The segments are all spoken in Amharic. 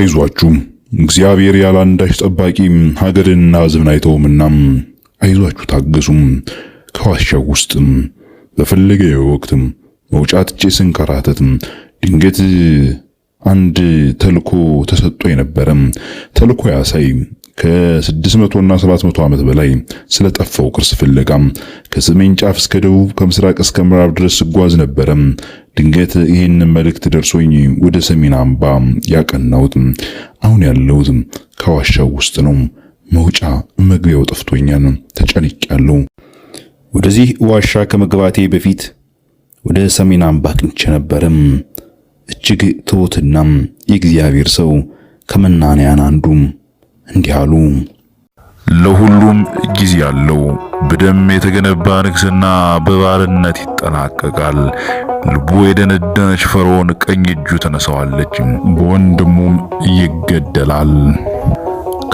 አይዟችሁም እግዚአብሔር ያለ አንዳች ጠባቂ ሀገርንና ሕዝብን አይተውምና አይዟችሁ ታገሱም። ከዋሻው ውስጥም በፈለገ ወቅትም መውጫት እጄ ስንከራተትም ድንገት አንድ ተልኮ ተሰጥቶ የነበረም ተልኮ ያሳይ ከ600 እና 700 ዓመት በላይ ስለጠፋው ቅርስ ፍለጋ ከሰሜን ጫፍ እስከ ደቡብ ከምስራቅ እስከ ምዕራብ ድረስ ስጓዝ ነበረ። ድንገት ይህን መልእክት ደርሶኝ ወደ ሰሜን አምባ ያቀናሁት አሁን ያለሁት ከዋሻው ውስጥ ነው። መውጫ መግቢያው ጠፍቶኛል። ተጨንቄያለሁ። ወደዚህ ዋሻ ከመግባቴ በፊት ወደ ሰሜን አምባ አቅንቼ ነበርም። እጅግ ትሑትናም የእግዚአብሔር ሰው ከመናንያን አንዱ እንዲህ አሉ። ለሁሉም ጊዜ አለው። በደም የተገነባ ንግስና በባርነት ይጠናቀቃል። ልቡ የደነደነች ፈርዖን ቀኝ እጁ ተነሳዋለች፣ በወንድሙም ይገደላል።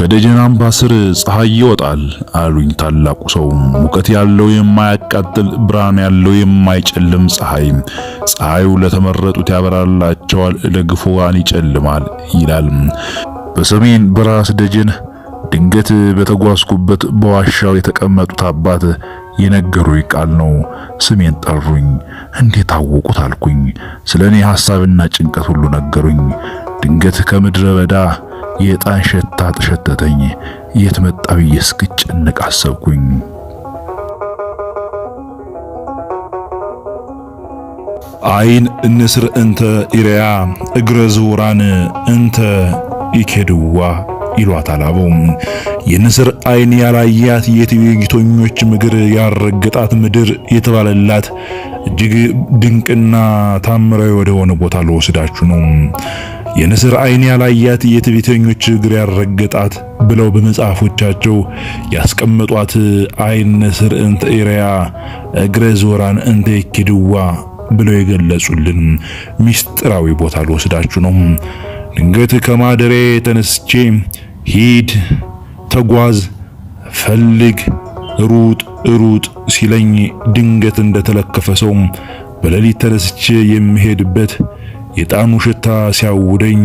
ከደጀን አምባስር ፀሐይ ይወጣል አሉኝ ታላቁ ሰው። ሙቀት ያለው የማያቃጥል ብርሃን ያለው የማይጨልም ፀሐይ። ፀሐዩ ለተመረጡት ያበራላቸዋል፣ ለግፉዋን ይጨልማል ይላል። በሰሜን በራስ ደጀን ድንገት በተጓዝኩበት በዋሻው የተቀመጡት አባት የነገሩኝ ቃል ነው። ስሜን ጠሩኝ። እንዴት አወቁት አልኩኝ። ስለ እኔ ሐሳብና ጭንቀት ሁሉ ነገሩኝ። ድንገት ከምድረ በዳ የዕጣን ሸታ ተሸተተኝ። የት መጣ ብዬ እስክጨነቅ አሰብኩኝ። አይን እንስር እንተ ኢሪያ እግረ ዝውራን እንተ ኢኬድዋ ይሏታል አበው። የንስር አይን ያላያት የትዕቢተኞች ምግር ያልረገጣት ምድር የተባለላት እጅግ ድንቅና ታምራዊ ሆነ ቦታ ልወስዳችሁ ነው። የንስር አይን ያላያት የትዕቢተኞች እግር ያልረገጣት ብለው በመጽሐፎቻቸው ያስቀመጧት አይን ንስር እንተ ኢርያ እግረ ዞራን እንተ ኢኬድዋ ብለው የገለጹልን ሚስጥራዊ ቦታ ልወስዳችሁ ነው። ድንገት ከማደሬ ተነስቼ ሂድ፣ ተጓዝ፣ ፈልግ፣ ሩጥ ሩጥ ሲለኝ ድንገት እንደተለከፈ ሰው በሌሊት ተነስቼ የምሄድበት የጣኑ ሽታ ሲያውደኝ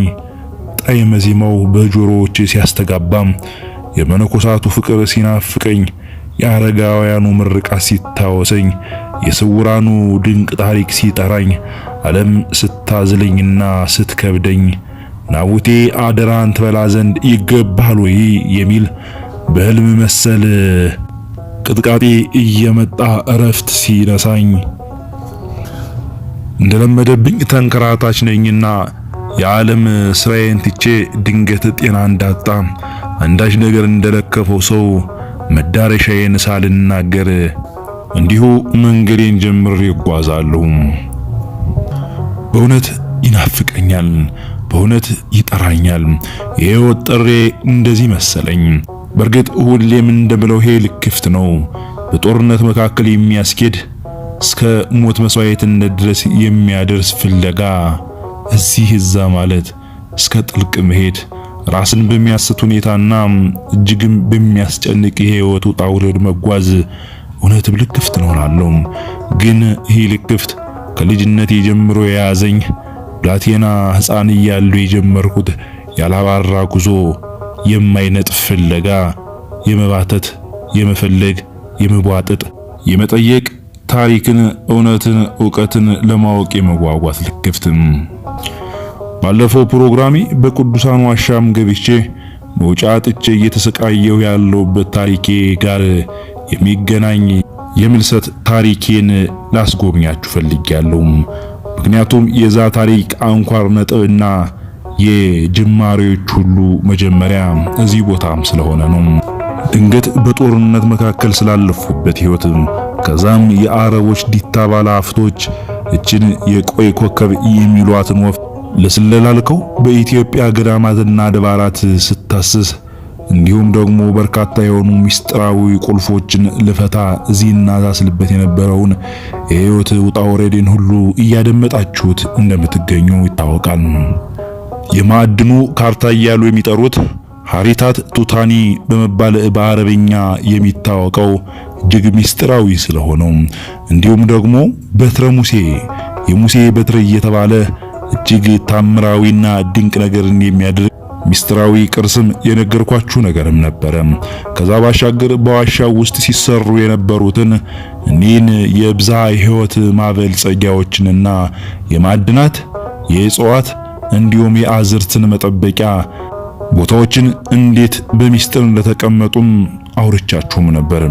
ጣዕመ ዜማው በጆሮዎች ሲያስተጋባም የመነኮሳቱ ፍቅር ሲናፍቀኝ የአረጋውያኑ ምርቃት ሲታወሰኝ የስውራኑ ድንቅ ታሪክ ሲጠራኝ ዓለም ስታዝለኝና ስትከብደኝ ናቡቴ አደራን ትበላ ዘንድ ይገባል ወይ የሚል በህልም መሰል ቅጥቃጤ እየመጣ እረፍት ሲነሳኝ እንደለመደብኝ ተንከራታች ነኝና የዓለም ስራዬን ትቼ ድንገት ጤና እንዳጣ አንዳች ነገር እንደለከፈው ሰው መዳረሻዬን ሳልናገር እንዲሁ መንገዴን ጀምር እጓዛለሁ። በእውነት ይናፍቀኛል። በእውነት ይጠራኛል። የህይወት ጥሬ እንደዚህ መሰለኝ። በእርግጥ ሁሌም እንደምለው ይሄ ልክ ክፍት ነው። በጦርነት መካከል የሚያስኬድ እስከ ሞት መስዋዕትነት ድረስ የሚያደርስ ፍለጋ፣ እዚህ እዛ ማለት፣ እስከ ጥልቅ መሄድ፣ ራስን በሚያስት ሁኔታና እጅግም በሚያስጨንቅ ህይወቱ ውጣ ውረድ መጓዝ እውነትም ልክፍት ነው እላለሁ። ግን ይህ ልክፍት ከልጅነት ጀምሮ የያዘኝ ብላቴና ሕፃን እያሉ የጀመርኩት ያላባራ ጉዞ፣ የማይነጥፍ ፍለጋ፣ የመባተት፣ የመፈለግ፣ የመቧጠጥ፣ የመጠየቅ ታሪክን፣ እውነትን፣ እውቀትን ለማወቅ የመጓጓት ልክፍትም። ባለፈው ፕሮግራሜ በቅዱሳን ዋሻም ገብቼ መውጫ ጥቼ እየተሰቃየሁ ያለውበት ታሪኬ ጋር የሚገናኝ የምልሰት ታሪኬን ላስጎብኛችሁ ፈልጌያለሁ። ምክንያቱም የዛ ታሪክ አንኳር ነጥብና የጅማሬዎች ሁሉ መጀመሪያ እዚህ ቦታም ስለሆነ ነው። ድንገት በጦርነት መካከል ስላለፉበት ህይወት፣ ከዛም የአረቦች ዲታ ባለሀብቶች እችን የቆይ ኮከብ የሚሏትን ወፍ ለስለላልከው ልከው በኢትዮጵያ ገዳማትና አድባራት ስታስስ እንዲሁም ደግሞ በርካታ የሆኑ ሚስጥራዊ ቁልፎችን ልፈታ እዚህ እናዛስልበት የነበረውን የህይወት ውጣ ውረዴን ሁሉ እያደመጣችሁት እንደምትገኙ ይታወቃል። የማዕድኑ ካርታ እያሉ የሚጠሩት ሀሪታት ቱታኒ በመባል በአረብኛ የሚታወቀው እጅግ ሚስጥራዊ ስለሆነው እንዲሁም ደግሞ በትረ ሙሴ የሙሴ በትር እየተባለ እጅግ ታምራዊና ድንቅ ነገርን የሚያደርግ ሚስጥራዊ ቅርስም የነገርኳችሁ ነገርም ነበረ። ከዛ ባሻገር በዋሻው ውስጥ ሲሰሩ የነበሩትን እኒህን የብዝሃ ሕይወት ማበልጸጊያዎችንና የማዕድናት የእጽዋት እንዲሁም የአዝርትን መጠበቂያ ቦታዎችን እንዴት በሚስጥር እንደተቀመጡም አውርቻችሁም ነበር።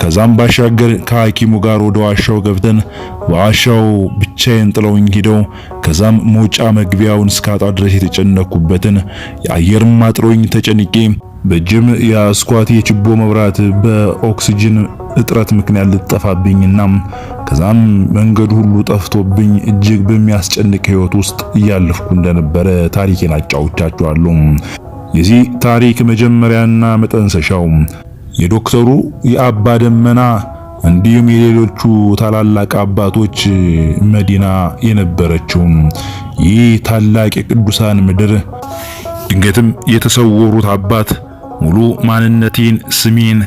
ከዛም ባሻገር ከሐኪሙ ጋር ወደ ዋሻው ገብተን ዋሻው ብቻዬን ጥለውኝ ሂደው ከዛም መውጫ መግቢያውን እስካጣ ድረስ የተጨነኩበትን የአየርም አጥሮኝ ተጨንቄ በእጅም የአስኳት የችቦ መብራት በኦክሲጅን እጥረት ምክንያት ልጠፋብኝና ከዛም መንገድ ሁሉ ጠፍቶብኝ እጅግ በሚያስጨንቅ ህይወት ውስጥ እያለፍኩ እንደነበረ ታሪኬን አጫውቻችኋለሁ። የዚህ ታሪክ መጀመሪያና መጠንሰሻው የዶክተሩ የአባ ደመና እንዲሁም የሌሎቹ ታላላቅ አባቶች መዲና የነበረችውን ይህ ታላቅ የቅዱሳን ምድር ድንገትም የተሰወሩት አባት ሙሉ ማንነቴን፣ ስሜን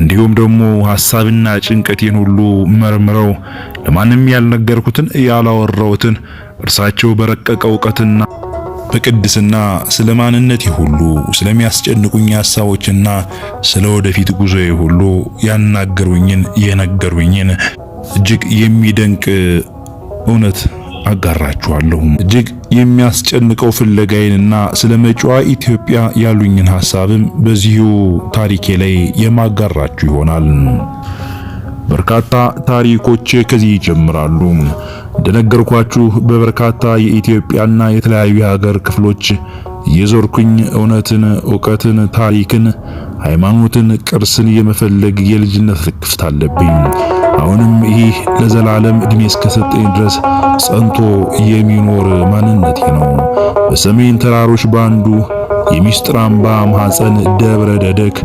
እንዲሁም ደግሞ ሐሳብና ጭንቀቴን ሁሉ መርምረው ለማንም ያልነገርኩትን ያላወራሁትን እርሳቸው በረቀቀ እውቀትና በቅድስና ስለ ማንነቴ ሁሉ ስለሚያስጨንቁኝ ሐሳቦችና ስለ ወደፊት ጉዞዬ ሁሉ ያናገሩኝን የነገሩኝን እጅግ የሚደንቅ እውነት አጋራችኋለሁ። እጅግ የሚያስጨንቀው ፍለጋዬንና ስለ መጪዋ ኢትዮጵያ ያሉኝን ሐሳብም በዚሁ ታሪኬ ላይ የማጋራችሁ ይሆናል። በርካታ ታሪኮች ከዚህ ይጀምራሉ። እንደነገርኳችሁ በበርካታ የኢትዮጵያና የተለያዩ የሀገር ክፍሎች የዞርኩኝ እውነትን፣ እውቀትን፣ ታሪክን፣ ሃይማኖትን፣ ቅርስን የመፈለግ የልጅነት ልክፍት አለብኝ። አሁንም ይህ ለዘላለም እድሜ እስከሰጠኝ ድረስ ጸንቶ የሚኖር ማንነቴ ነው። በሰሜን ተራሮች ባንዱ የሚስጥር አምባ ማኅፀን ደብረ ደደክ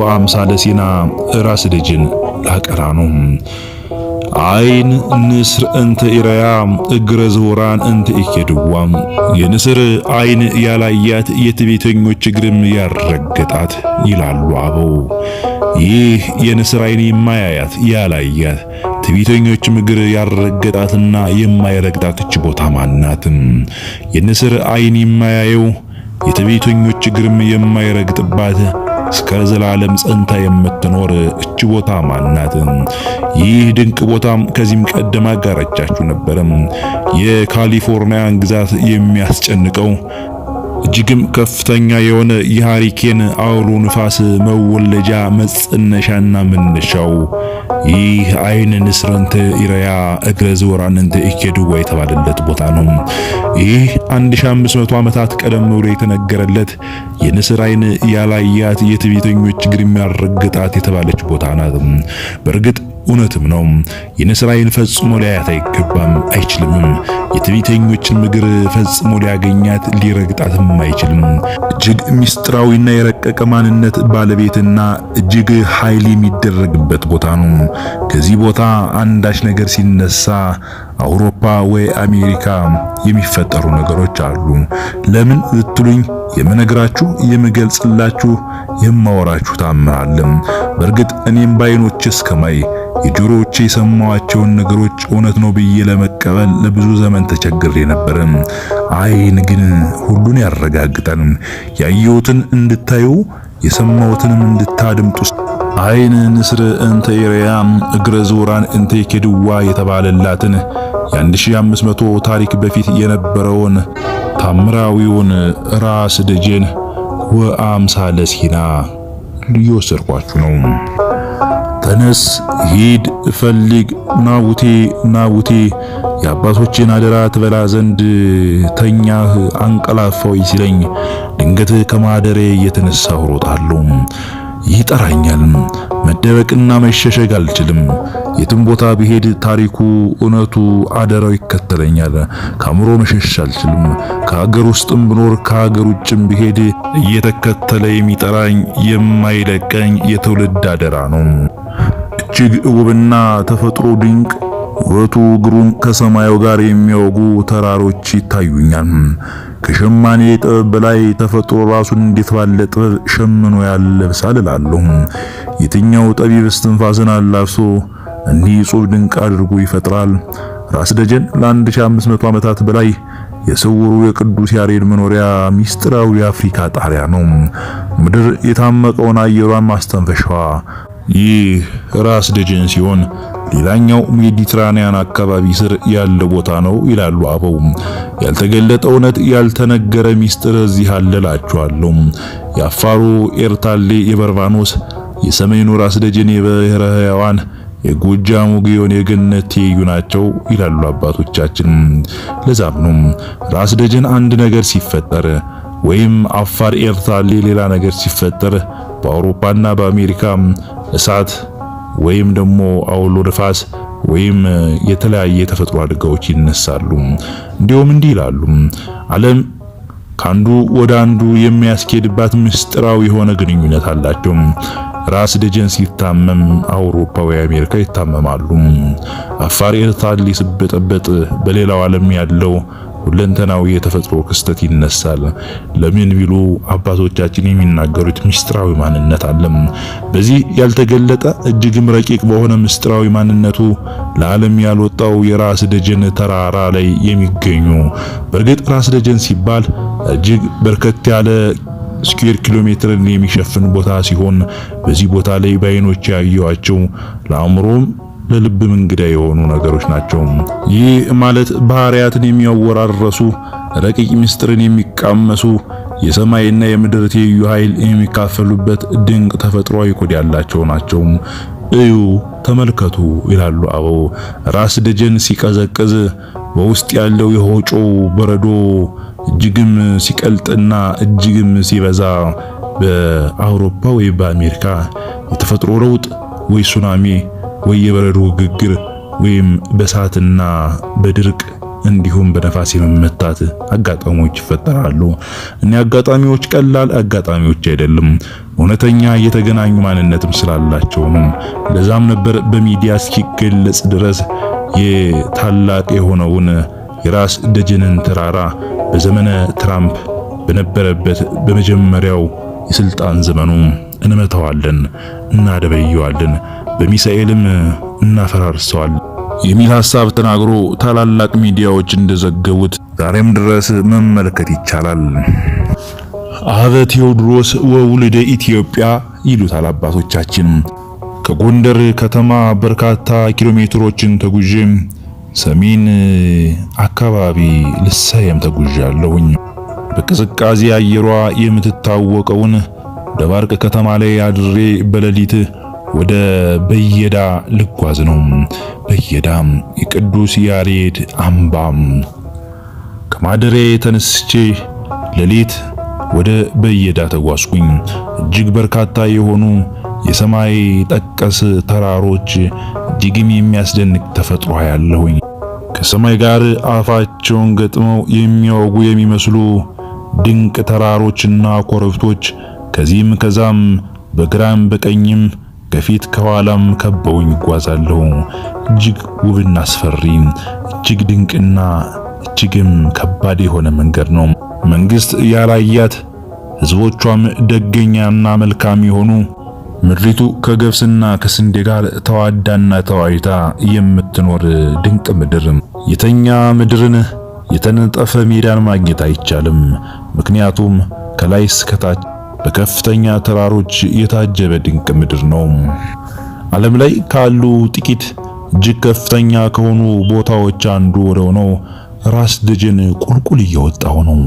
ወአምሳለ ሲና ራስ ልጅን ላቀራኑም አይን ንስር እንተ ኢረያ እግረ ዝውራን እንተ ኢኬድዋ የንስር አይን ያላያት የትዕቢተኞች እግርም ያልረገጣት ይላሉ አበው። ይህ የንስር አይን የማያያት ያላያት ትዕቢተኞችም እግር ያልረገጣትና የማይረግጣት እች ቦታ ማናትም? የንስር አይን የማያየው የትዕቢተኞች እግርም የማይረግጥባት እስከ ዘላለም ጸንታ የምትኖር እች ቦታ ማናት? ይህ ድንቅ ቦታ ከዚህም ቀደም አጋራቻችሁ ነበርም። የካሊፎርኒያን ግዛት የሚያስጨንቀው እጅግም ከፍተኛ የሆነ የሃሪኬን አውሎ ንፋስ መወለጃ መጽነሻና መነሻው ይህ አይን ንስረንተ ኢራያ እግረ ዝወራንንተ ኢኬዱዋ የተባለለት ቦታ ነው። ይህ 1500 ዓመታት ቀደም ብሎ የተነገረለት የንስር አይን ያላያት የትዕቢተኞች እግር የሚያረግጣት የተባለች ቦታ ናት። በእርግጥ እውነትም ነው። የነስራኤል ፈጽሞ ሊያያት አይገባም፣ አይችልምም። የትዕቢተኞችን እግር ፈጽሞ ሊያገኛት ሊረግጣትም አይችልም። እጅግ ምስጢራዊና የረቀቀ ማንነት ባለቤትና እጅግ ኃይል የሚደረግበት ቦታ ነው። ከዚህ ቦታ አንዳች ነገር ሲነሳ አውሮፓ ወይ አሜሪካ የሚፈጠሩ ነገሮች አሉ። ለምን ልትሉኝ የምነግራችሁ የምገልጽላችሁ የማወራችሁ ታምናለም። በእርግጥ እኔም ባይኖቼ እስከማይ የጆሮዎቼ የሰማዋቸውን ነገሮች እውነት ነው ብዬ ለመቀበል ለብዙ ዘመን ተቸግሬ ነበር። አይን ግን ሁሉን ያረጋግጠን ያየሁትን እንድታዩ የሰማሁትንም እንድታድምጡ አይን ንስር እንተ ኢሪያ እግረ ዙራን እንተ ኬድዋ የተባለላትን የ1500 ታሪክ በፊት የነበረውን ታምራዊውን ራስ ደጄን ወአምሳለ ሲና ልወስድኳችሁ ነው። ተነስ፣ ሂድ፣ ፈልግ፣ ናቡቴ ናቡቴ የአባቶችን አደራ ትበላ ዘንድ ተኛህ፣ አንቀላፋው ሲለኝ ድንገት ከማደሬ የተነሳ ሮጣለሁ። ይጠራኛል። መደበቅና መሸሸግ አልችልም። የትም ቦታ ብሄድ ታሪኩ፣ እውነቱ፣ አደራው ይከተለኛል። ከአእምሮ መሸሽ አልችልም። ከሀገር ውስጥም ብኖር ከሀገር ውጭም ብሄድ እየተከተለ የሚጠራኝ የማይለቀኝ የትውልድ አደራ ነው። እጅግ ውብና ተፈጥሮ ድንቅ ውበቱ ግሩም ከሰማዩ ጋር የሚያወጉ ተራሮች ይታዩኛል። ከሸማኔ ጥበብ በላይ ተፈጥሮ ራሱን እንዴት ባለ ጥበብ ሸምኖ ያለብሳል እላለሁ። የትኛው ጠቢብ እስትንፋስን አላብሶ እንዲህ ጽሑፍ ድንቅ አድርጎ ይፈጥራል? ራስ ደጀን ለ1500 ዓመታት በላይ የስውሩ የቅዱስ ያሬድ መኖሪያ ሚስጥራዊ የአፍሪካ ጣሪያ ነው። ምድር የታመቀውን አየሯን ማስተንፈሻዋ ይህ ራስ ደጀን ሲሆን ሌላኛው ሜዲትራኒያን አካባቢ ስር ያለ ቦታ ነው ይላሉ አበው። ያልተገለጠ እውነት፣ ያልተነገረ ሚስጥር እዚህ አለላችኋለሁ። የአፋሩ ኤርታሌ፣ የበርባኖስ፣ የሰሜኑ ራስ ደጀን፣ የብሔረ ሕያዋን የጎጃሙ ግዮን የገነት ትይዩ ናቸው ይላሉ አባቶቻችን። ለዛም ነው ራስ ደጀን አንድ ነገር ሲፈጠር ወይም አፋር ኤርታሌ ሌላ ነገር ሲፈጠር በአውሮፓና በአሜሪካ እሳት ወይም ደግሞ አውሎ ነፋስ ወይም የተለያየ የተፈጥሮ አደጋዎች ይነሳሉ። እንዲሁም እንዲህ ይላሉ ዓለም ከአንዱ ወደ አንዱ የሚያስኬድባት ምስጢራዊ የሆነ ግንኙነት አላቸው። ራስ ደጀን ሲታመም አውሮፓ ወይ አሜሪካ ይታመማሉ። አፋር ኤርትራ ሊስበጠበጥ በሌላው ዓለም ያለው ሁለንተናዊ የተፈጥሮ ክስተት ይነሳል። ለምን ቢሉ አባቶቻችን የሚናገሩት ምስጢራዊ ማንነት አለም። በዚህ ያልተገለጠ እጅግም ረቂቅ በሆነ ምስጢራዊ ማንነቱ ለዓለም ያልወጣው የራስ ደጀን ተራራ ላይ የሚገኙ በእርግጥ ራስ ደጀን ሲባል እጅግ በርከት ያለ ስኩዌር ኪሎ ሜትርን የሚሸፍን ቦታ ሲሆን በዚህ ቦታ ላይ በአይኖች ያዩዋቸው ለአእምሮም ለልብ እንግዳ የሆኑ ነገሮች ናቸው። ይህ ማለት ባህሪያትን የሚያወራረሱ ረቂቅ ምስጢርን የሚቃመሱ የሰማይና የምድር ትይዩ ኃይል የሚካፈሉበት ድንቅ ተፈጥሯዊ ኮድ ያላቸው ናቸው። እዩ፣ ተመልከቱ ይላሉ አበው። ራስ ደጀን ሲቀዘቅዝ በውስጥ ያለው የሆጮ በረዶ እጅግም ሲቀልጥና እጅግም ሲበዛ በአውሮፓ ወይ በአሜሪካ የተፈጥሮ ለውጥ ወይ ሱናሚ ወይ የበረዶ ግግር ወይም በእሳትና በድርቅ እንዲሁም በነፋስ የመመታት አጋጣሚዎች ይፈጠራሉ። እኒህ አጋጣሚዎች ቀላል አጋጣሚዎች አይደሉም፣ እውነተኛ የተገናኙ ማንነትም ስላላቸው ነው። ለዛም ነበር በሚዲያ እስኪገለጽ ድረስ የታላቅ የሆነውን የራስ ደጀንን ተራራ በዘመነ ትራምፕ በነበረበት በመጀመሪያው የስልጣን ዘመኑ እንመተዋለን፣ እናደበየዋለን፣ በሚሳኤልም እናፈራርሰዋለን የሚል ሐሳብ ተናግሮ ታላላቅ ሚዲያዎች እንደዘገቡት ዛሬም ድረስ መመልከት ይቻላል። አበ ቴዎድሮስ ወውልደ ኢትዮጵያ ይሉታል አባቶቻችን። ከጎንደር ከተማ በርካታ ኪሎ ሜትሮችን ተጉዤ ሰሜን አካባቢ ልሳየም ተጉዣለሁኝ። በቅዝቃዜ አየሯ የምትታወቀውን ደባርቅ ከተማ ላይ አድሬ በሌሊት ወደ በየዳ ልጓዝ ነው። በየዳ የቅዱስ ያሬድ አምባም ከማደሬ ተነስቼ ሌሊት ወደ በየዳ ተጓዝኩኝ። እጅግ በርካታ የሆኑ የሰማይ ጠቀስ ተራሮች፣ እጅግም የሚያስደንቅ ተፈጥሮ ያለሁኝ ከሰማይ ጋር አፋቸውን ገጥመው የሚያወጉ የሚመስሉ ድንቅ ተራሮችና ኮረብቶች ከዚህም ከዛም በግራም በቀኝም ከፊት ከኋላም ከበውኝ ይጓዛለሁ እጅግ ውብና አስፈሪ፣ እጅግ ድንቅና እጅግም ከባድ የሆነ መንገድ ነው። መንግስት ያላያት ህዝቦቿም ደገኛና መልካም የሆኑ ምድሪቱ ከገብስና ከስንዴ ጋር ተዋዳና ተዋይታ የምትኖር ድንቅ ምድር። የተኛ ምድርን የተነጠፈ ሜዳን ማግኘት አይቻልም። ምክንያቱም ከላይ እስከታች በከፍተኛ ተራሮች የታጀበ ድንቅ ምድር ነው። ዓለም ላይ ካሉ ጥቂት እጅግ ከፍተኛ ከሆኑ ቦታዎች አንዱ ወደ ሆነው ራስ ደጀን ቁልቁል እየወጣሁ ነው።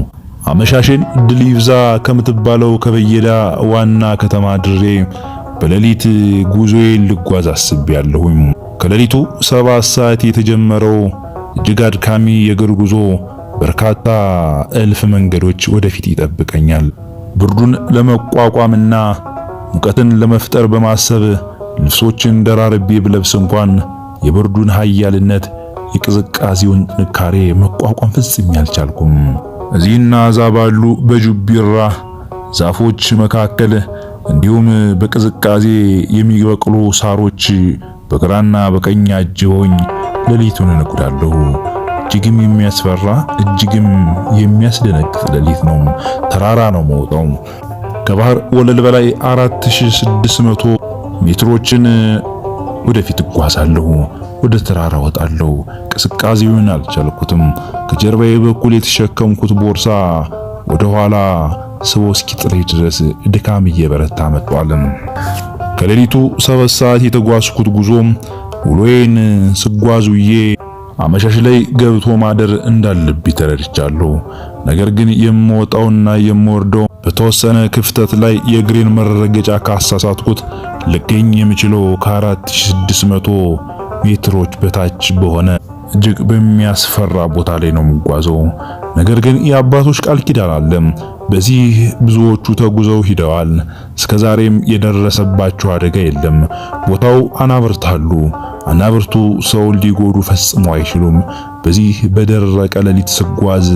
አመሻሽን ድሊብዛ ከምትባለው ከበየዳ ዋና ከተማ ድሬ በሌሊት ጉዞዬን ልጓዝ አስቤያለሁኝ። ከሌሊቱ ሰባት ሰዓት የተጀመረው እጅግ አድካሚ የእግር ጉዞ በርካታ እልፍ መንገዶች ወደፊት ይጠብቀኛል። ብርዱን ለመቋቋምና ሙቀትን ለመፍጠር በማሰብ ልብሶችን ደራርቤ ብለብስ እንኳን የብርዱን ኃያልነት የቅዝቃዜውን ጥንካሬ መቋቋም ፈጽሜ አልቻልኩም። እዚህና እዛ ባሉ በጁቢራ ዛፎች መካከል እንዲሁም በቅዝቃዜ የሚበቅሉ ሳሮች በግራና በቀኝ አጅበውኝ ሌሊቱን እነጉዳለሁ። እጅግም የሚያስፈራ እጅግም የሚያስደነግጥ ሌሊት ነው። ተራራ ነው መውጣው። ከባህር ወለል በላይ 4600 ሜትሮችን ወደፊት እጓዛለሁ። ወደ ተራራ ወጣለሁ። ቅስቃዜውን አልቻልኩትም። ከጀርባዬ በኩል የተሸከምኩት ቦርሳ ወደ ኋላ ስቦ እስኪጥለኝ ድረስ ድካም እየበረታ መጥቷል። ከሌሊቱ ሰባት ሰዓት የተጓዝኩት ጉዞ ውሎዬን ስጓዝ ውዬ አመሻሽ ላይ ገብቶ ማደር እንዳለብኝ ተረድቻለሁ። ነገር ግን የምወጣውና የምወርደው በተወሰነ ክፍተት ላይ የግሬን መረገጫ ካሳሳትኩት ልገኝ የምችለው ከ4600 ሜትሮች በታች በሆነ እጅግ በሚያስፈራ ቦታ ላይ ነው የምጓዘው። ነገር ግን የአባቶች ቃል ኪዳን አለ። በዚህ ብዙዎቹ ተጉዘው ሂደዋል። እስከዛሬም የደረሰባቸው አደጋ የለም። ቦታው አናብርታሉ አናብርቱ ሰውን ሊጎዱ ፈጽሞ አይችሉም። በዚህ በደረቀ ሌሊት ስጓዝ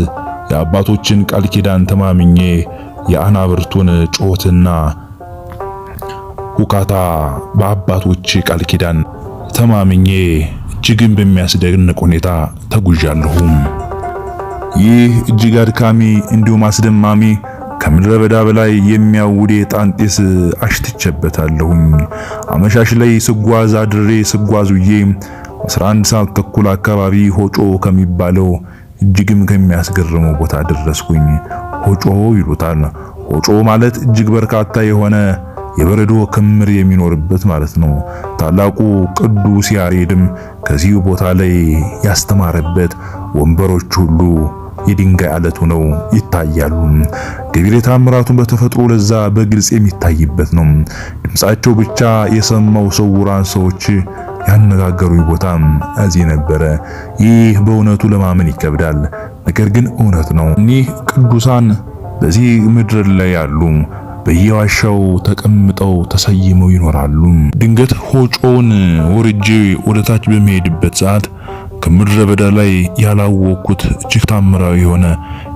የአባቶችን ቃል ኪዳን ተማምኜ የአናብርቱን ጮትና ሁካታ በአባቶች ቃል ኪዳን ተማምኜ እጅግን በሚያስደንቅ ሁኔታ ተጉዣለሁም። ይህ እጅግ አድካሚ እንዲሁም አስደማሚ ከምድረ በዳ በላይ የሚያውድ የዕጣን ጢስ አሽትቼበታለሁኝ። አመሻሽ ላይ ስጓዝ አድሬ ስጓዙዬ 11 ሰዓት ተኩል አካባቢ ሆጮ ከሚባለው እጅግም ከሚያስገርመው ቦታ ደረስኩኝ። ሆጮ ይሉታል። ሆጮ ማለት እጅግ በርካታ የሆነ የበረዶ ክምር የሚኖርበት ማለት ነው። ታላቁ ቅዱስ ያሬድም ከዚህ ቦታ ላይ ያስተማረበት ወንበሮች ሁሉ የድንጋይ አለት ሆነው ይታያሉ። ዴቪድ ታምራቱን በተፈጥሮ ለዛ በግልጽ የሚታይበት ነው። ድምጻቸው ብቻ የሰማው ሰውራን ሰዎች ያነጋገሩኝ ቦታም እዚህ ነበረ። ይህ በእውነቱ ለማመን ይከብዳል፣ ነገር ግን እውነት ነው። እኒህ ቅዱሳን በዚህ ምድር ላይ ያሉ በየዋሻው ተቀምጠው ተሰይመው ይኖራሉ። ድንገት ሆጮውን ወርጄ ወደታች በሚሄድበት ሰዓት ከምድረ በዳ ላይ ያላወቅኩት እጅግ ታምራዊ የሆነ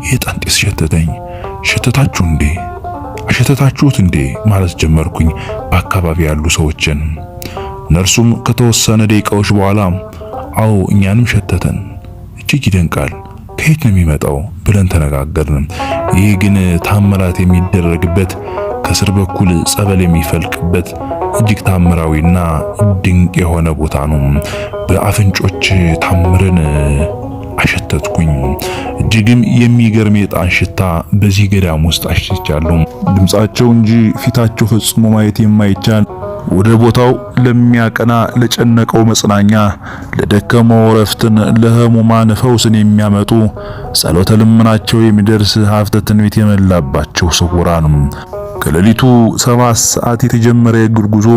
የዕጣን ሸተተኝ። ሸተታችሁ እንዴ? አሸተታችሁት እንዴ? ማለት ጀመርኩኝ በአካባቢ ያሉ ሰዎችን። እነርሱም ከተወሰነ ደቂቃዎች በኋላ አዎ እኛንም ሸተተን፣ እጅግ ይደንቃል፣ ከየት ነው የሚመጣው ብለን ተነጋገርን። ይህ ግን ታምራት የሚደረግበት ከስር በኩል ጸበል የሚፈልቅበት እጅግ ታምራዊና ድንቅ የሆነ ቦታ ነው። በአፍንጮች ታምርን አሸተትኩኝ። እጅግም የሚገርም የጣን ሽታ በዚህ ገዳም ውስጥ አሽቻለሁ። ድምጻቸው እንጂ ፊታቸው ፈጽሞ ማየት የማይቻል ወደ ቦታው ለሚያቀና ለጨነቀው መጽናኛ፣ ለደከመው እረፍትን፣ ለህሙማን ፈውስን የሚያመጡ ጸሎተ ልመናቸው የሚደርስ ሀፍተ ትንቢት የሞላባቸው ስውራን ከሌሊቱ ሰባት ሰዓት የተጀመረ የእግር ጉዞ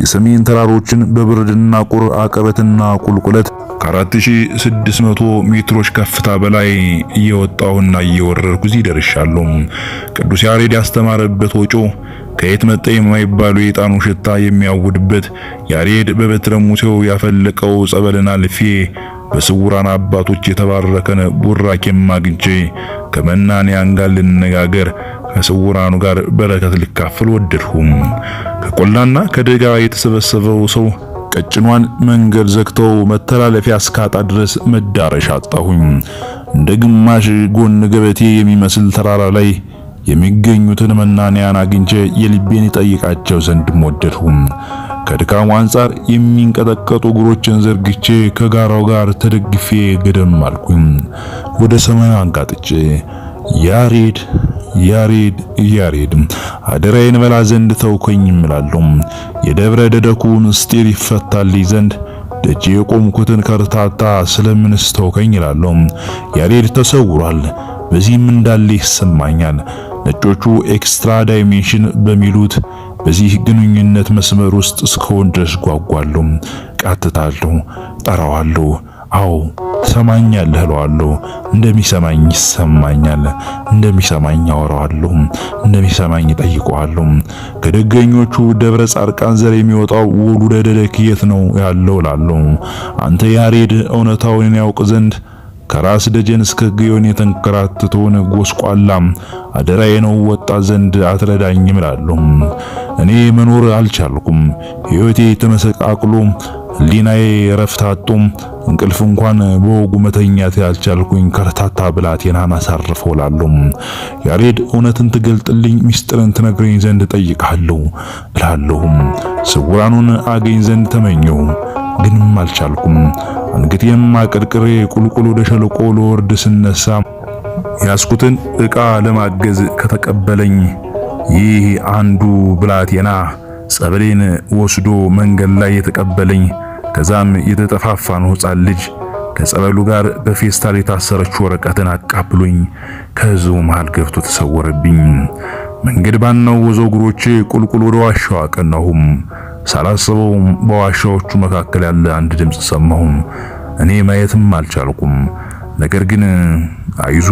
የሰሜን ተራሮችን በብርድና ቁር አቀበትና ቁልቁለት ከ4600 ሜትሮች ከፍታ በላይ እየወጣሁና እየወረርኩ እዚህ ደርሻለሁ። ቅዱስ ያሬድ ያስተማረበት ወጮ ከየት መጣ የማይባሉ የጣኑ ሽታ የሚያውድበት ያሬድ በበትረ ሙሴው ያፈለቀው ጸበልን አልፌ በስውራን አባቶች የተባረከን ቡራኬ ማግኝቼ ከመናንያን ጋር ልነጋገር ከስውራኑ ጋር በረከት ሊካፈል ወደድሁም። ከቆላና ከደጋ የተሰበሰበው ሰው ቀጭኗን መንገድ ዘግተው መተላለፊያ እስካጣ ድረስ መዳረሻ አጣሁኝ። እንደ ግማሽ ጎን ገበቴ የሚመስል ተራራ ላይ የሚገኙትን መናንያን አግኝቼ የልቤን ጠይቃቸው ዘንድ ወደድሁም። ከድካሙ አንጻር የሚንቀጠቀጡ እግሮችን ዘርግቼ ከጋራው ጋር ተደግፌ ገደም አልኩኝ ወደ ሰማይ አንጋጥጬ ያሬድ ያሬድ ያሬድ አደራዬን በላ ዘንድ ተውኩኝ እምላለሁ። የደብረ ደደኩ ምስጢር ይፈታልኝ ዘንድ ደጄ የቆምኩትን ከርታታ ስለምንስ ተውከኝ ይላሉ። ያሬድ ተሰውሯል። በዚህም እንዳለ ይሰማኛል። ነጮቹ ኤክስትራ ዳይሜንሽን በሚሉት በዚህ ግንኙነት መስመር ውስጥ እስከሆን ድረስ ጓጓሉ ቃትታለሁ፣ ጠራዋለሁ። አዎ ሰማኛለህ እለዋለሁ፣ እንደሚሰማኝ ይሰማኛል፣ እንደሚሰማኝ አወራዋለሁ፣ እንደሚሰማኝ እጠይቀዋለሁ። ከደገኞቹ ደብረ ጻድቃን ዘር የሚወጣው ወሉደ ደደክ የት ነው ያለው እላለሁ። አንተ ያሬድ እውነታውን ያውቅ ዘንድ ከራስ ደጀን እስከ ግዮን የተንከራተተውን ጎስቋላም አደራዬ ነው ወጣ ዘንድ አትረዳኝም እላለሁ። እኔ መኖር አልቻልኩም። ሕይወቴ ተመሰቃቅሎ ሕሊናዬ ረፍታጡም እንቅልፍ እንኳን በወጉ መተኛት ያልቻልኩኝ ከርታታ ብላቴናን አሳርፈው እላለሁ። ያሬድ እውነትን ትገልጥልኝ ምስጢርን ትነግረኝ ዘንድ ጠይቃለሁ እላለሁ። ስውራኑን አገኝ ዘንድ ተመኘው። ግንም አልቻልኩም። አንገቴም አቀርቅሬ ቁልቁል ወደ ሸለቆ ለወርድ ስነሳ ያስኩትን ዕቃ ለማገዝ ከተቀበለኝ ይህ አንዱ ብላቴና ጸበሌን ወስዶ መንገድ ላይ የተቀበለኝ ከዛም የተጠፋፋን ነው ሕፃን ልጅ ከጸበሉ ጋር በፌስታል የታሰረች ወረቀትን አቃብሎኝ ከሕዝቡ መሃል ገብቶ ተሰወረብኝ። መንገድ ባናው ወዘው እግሮቼ ቁልቁል ወደ ዋሻው አቀናሁም። ሳላስበው በዋሻዎቹ መካከል ያለ አንድ ድምፅ ሰማሁ። እኔ ማየትም አልቻልኩም። ነገር ግን አይዞ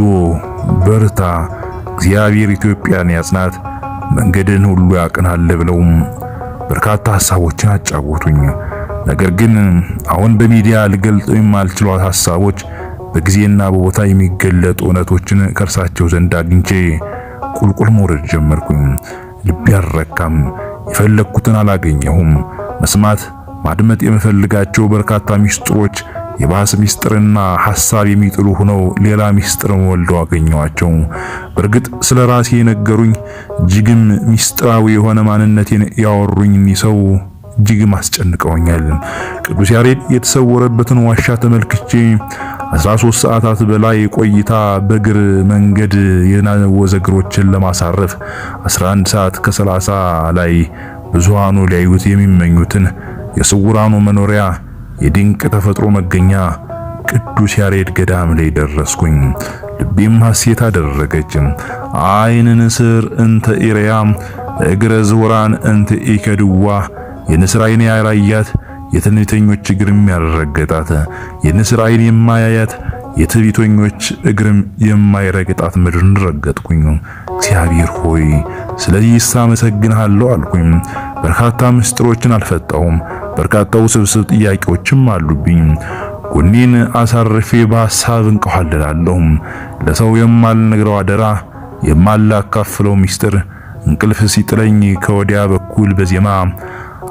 በርታ፣ እግዚአብሔር ኢትዮጵያን ያጽናት፣ መንገድን ሁሉ ያቅናል ብለው በርካታ ሐሳቦችን አጫወቱኝ። ነገር ግን አሁን በሚዲያ ልገልጠው የማልችሏት ሐሳቦች በጊዜና በቦታ የሚገለጡ እውነቶችን ከእርሳቸው ዘንድ አግኝቼ ቁልቁል መውረድ ጀመርኩኝ። ልቤ አልረካም። የፈለግኩትን አላገኘሁም። መስማት ማድመጥ የምፈልጋቸው በርካታ ሚስጥሮች የባስ ሚስጥርና ሐሳብ የሚጥሉ ሆነው ሌላ ሚስጥርን ወልደው አገኘዋቸው። በእርግጥ ስለ ራሴ የነገሩኝ እጅግም ሚስጥራዊ የሆነ ማንነቴን ያወሩኝ ሰው እጅግም አስጨንቀውኛል። ቅዱስ ያሬድ የተሰወረበትን ዋሻ ተመልክቼ 13 ሰዓታት በላይ ቆይታ በእግር መንገድ የናወዘ እግሮችን ለማሳረፍ 11 ሰዓት ከ30 ላይ ብዙሃኑ ሊያዩት የሚመኙትን የስውራኑ መኖሪያ የድንቅ ተፈጥሮ መገኛ ቅዱስ ያሬድ ገዳም ላይ ደረስኩኝ። ልቤም ሐሴት አደረገች። አይን ንስር እንተ ኢሪያም እግረ ዝውራን እንተ ኢከድዋ የንስር አይን የትንቢተኞች እግርም ያልረገጣት የንስር ዓይን የማያያት የትዕቢተኞች እግርም የማይረግጣት ምድርን ረገጥኩኝ። እግዚአብሔር ሆይ ስለዚህ አመሰግንሃለሁ አልኩኝ። በርካታ ምስጢሮችን አልፈጣሁም በርካታ ውስብስብ ጥያቄዎችም አሉብኝ። ጎኔን አሳርፌ በሐሳብ እንቀዋለላለሁ። ለሰው የማልነግረው አደራ፣ የማላካፍለው ምስጢር እንቅልፍ ሲጥለኝ ከወዲያ በኩል በዜማ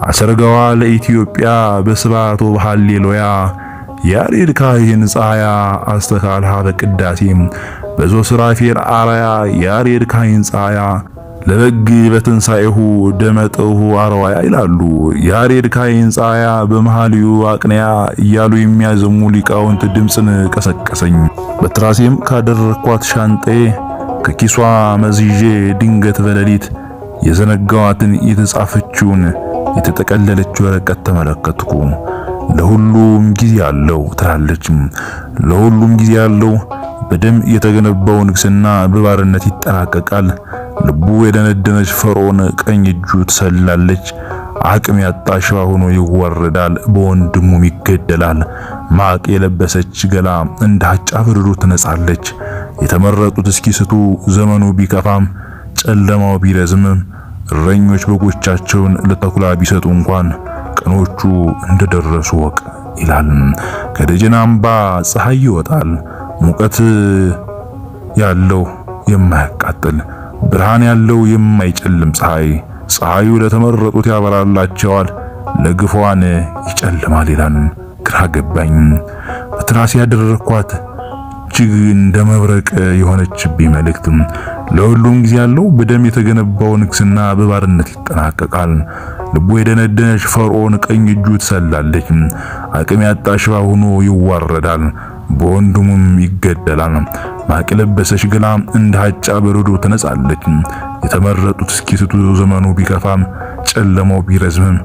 አሰርገዋ ለኢትዮጵያ በስባቶ ሃሌሉያ ያሬድ ካህን ፀሐያ አስተካልሃ በቅዳሴም በዞ ስራፌል አራያ ያሬድ ካህን ፀሐያ ለበግ በትንሣኤሁ ደመጠሁ አርዋያ ይላሉ። ያሬድ ካህን ፀሐያ በመሃልዩ አቅንያ እያሉ የሚያዘሙ ሊቃውንት ድምፅን ቀሰቀሰኝ። በትራሴም ካደረኳት ሻንጤ ከኪሷ መዝዤ ድንገት በሌሊት የዘነጋዋትን የተጻፈችውን የተጠቀለለች ወረቀት ተመለከትኩ። ለሁሉም ጊዜ አለው ትላለችም። ለሁሉም ጊዜ አለው። በደም የተገነባው ንግስና በባርነት ይጠናቀቃል። ልቡ የደነደነች ፈርዖን ቀኝ እጁ ትሰላለች። አቅም ያጣ ሆኖ ይዋረዳል፣ በወንድሙም ይገደላል። ማቅ የለበሰች ገላ እንደ አጫ ብርዱ ትነጻለች። የተመረጡት እስኪስቱ ዘመኑ ቢከፋም ጨለማው ቢረዝምም እረኞች በጎቻቸውን ለተኩላ ቢሰጡ እንኳን ቀኖቹ እንደደረሱ ወቅ ይላል። ከደጀን አምባ ፀሐይ ይወጣል። ሙቀት ያለው የማያቃጥል ብርሃን ያለው የማይጨልም ፀሐይ። ፀሐዩ ለተመረጡት ያበራላቸዋል፣ ለግፏን ይጨልማል ይላል። ግራ ገባኝ። በትራስ ያደረኳት እጅግ እንደ መብረቅ የሆነችብኝ መልእክት ለሁሉም ጊዜ ያለው በደም የተገነባው ንግስና በባርነት ይጠናቀቃል። ልቡ የደነደነች ፈርዖን ቀኝ እጁ ትሰላለች። አቅም ያጣ ሽባ ሆኖ ይዋረዳል፣ በወንድሙም ይገደላል። ማቅ ለበሰች ግላ እንደ ሀጫ በረዶ ትነጻለች። የተመረጡት እስኪስቱ ዘመኑ ቢከፋም ጨለማው ቢረዝምም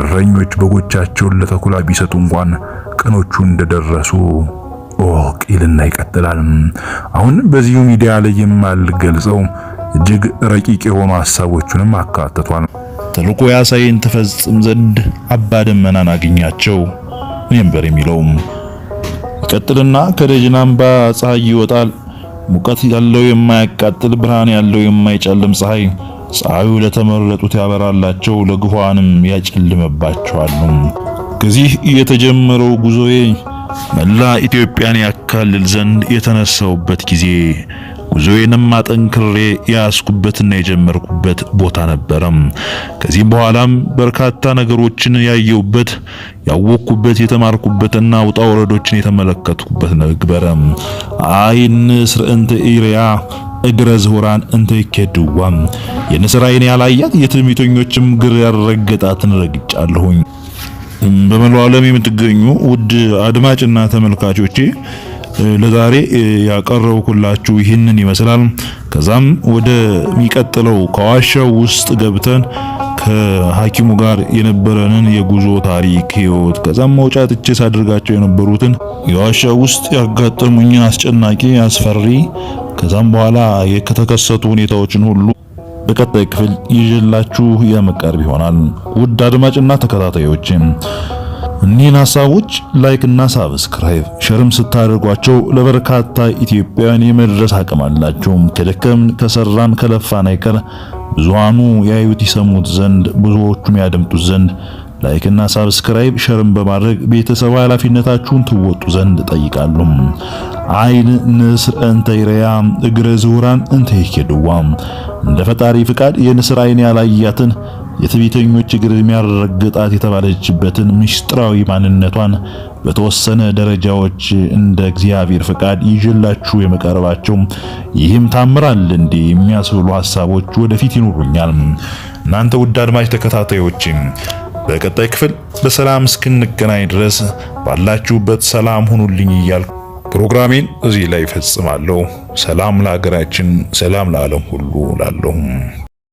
እረኞች በጎቻቸውን ለተኩላ ቢሰጡ እንኳን ቀኖቹ እንደደረሱ እወቅ ይልና ይቀጥላል። አሁን በዚሁ ሚዲያ ላይ የማልገልጸው እጅግ ረቂቅ የሆኑ ሀሳቦቹንም አካትቷል። ተልዕኮ ያሳይን ተፈጽም ዘንድ አባ ደመናን አግኛቸው በር የሚለውም ይቀጥልና ከደጅን አምባ ፀሐይ ይወጣል። ሙቀት ያለው የማያቃጥል ብርሃን ያለው የማይጨልም ፀሐይ ፀሐዩ ለተመረጡት ያበራላቸው ለግኋንም ያጨልመባቸዋል። ከዚህ የተጀመረው ጉዞዬ መላ ኢትዮጵያን ያካልል ዘንድ የተነሳውበት ጊዜ ጉዞዬንም አጠንክሬ ያስኩበትና የጀመርኩበት ቦታ ነበረም። ከዚህም በኋላም በርካታ ነገሮችን ያየውበት፣ ያወቅኩበት፣ የተማርኩበትና ውጣ ወረዶችን የተመለከትኩበት ነበረ። አይን ስርዕንተ ኢሪያ እግረ ዝሆራን እንተ ይኬድዋ የንስር አይን ያላያት የትዕቢተኞችም ግር ያረገጣትን ረግጫለሁኝ። በመላው ዓለም የምትገኙ ውድ አድማጭና ተመልካቾቼ ለዛሬ ያቀረብኩላችሁ ይህንን ይመስላል። ከዛም ወደ ሚቀጥለው ከዋሻው ውስጥ ገብተን ከሐኪሙ ጋር የነበረንን የጉዞ ታሪክ ህይወት፣ ከዛም መውጫ ትችስ የነበሩትን የዋሻው ውስጥ ያጋጠሙኝ አስጨናቂ አስፈሪ ከዛም በኋላ ከተከሰቱ ሁኔታዎችን ሁሉ በቀጣይ ክፍል ይዤላችሁ የመቀርብ ይሆናል። ውድ አድማጭና ተከታታዮች እኒህን ሀሳቦች ላይክ እና ሳብስክራይብ ሸርም ስታደርጓቸው ለበርካታ ኢትዮጵያውያን የመድረስ አቅም አላቸው። ከደከምን ከሰራን ከለፋን አይቀር ብዙሃኑ ያዩት ይሰሙት ዘንድ ብዙዎቹም ያደምጡት ዘንድ ላይክና ሳብስክራይብ ሸርም በማድረግ ቤተሰባዊ ኃላፊነታችሁን ትወጡ ዘንድ ጠይቃሉ። አይን ንስር እንተይሪያ እግረ ዙራን እንተይከዱዋ እንደ ፈጣሪ ፍቃድ የንስር አይን ያላያትን የትዕቢተኞች እግር የሚያረግጣት የተባለችበትን ምስጢራዊ ማንነቷን በተወሰነ ደረጃዎች እንደ እግዚአብሔር ፍቃድ ይዤላችሁ የመቀረባቸው ይህም ታምራል እንዴ የሚያስብሉ ሐሳቦች ወደፊት ይኖሩኛል። እናንተ ውድ አድማጭ ተከታታዮች በቀጣይ ክፍል በሰላም እስክንገናኝ ድረስ ባላችሁበት ሰላም ሁኑልኝ እያልኩ ፕሮግራሜን እዚህ ላይ ፈጽማለሁ ሰላም ለሀገራችን፣ ሰላም ለዓለም ሁሉ ላለሁም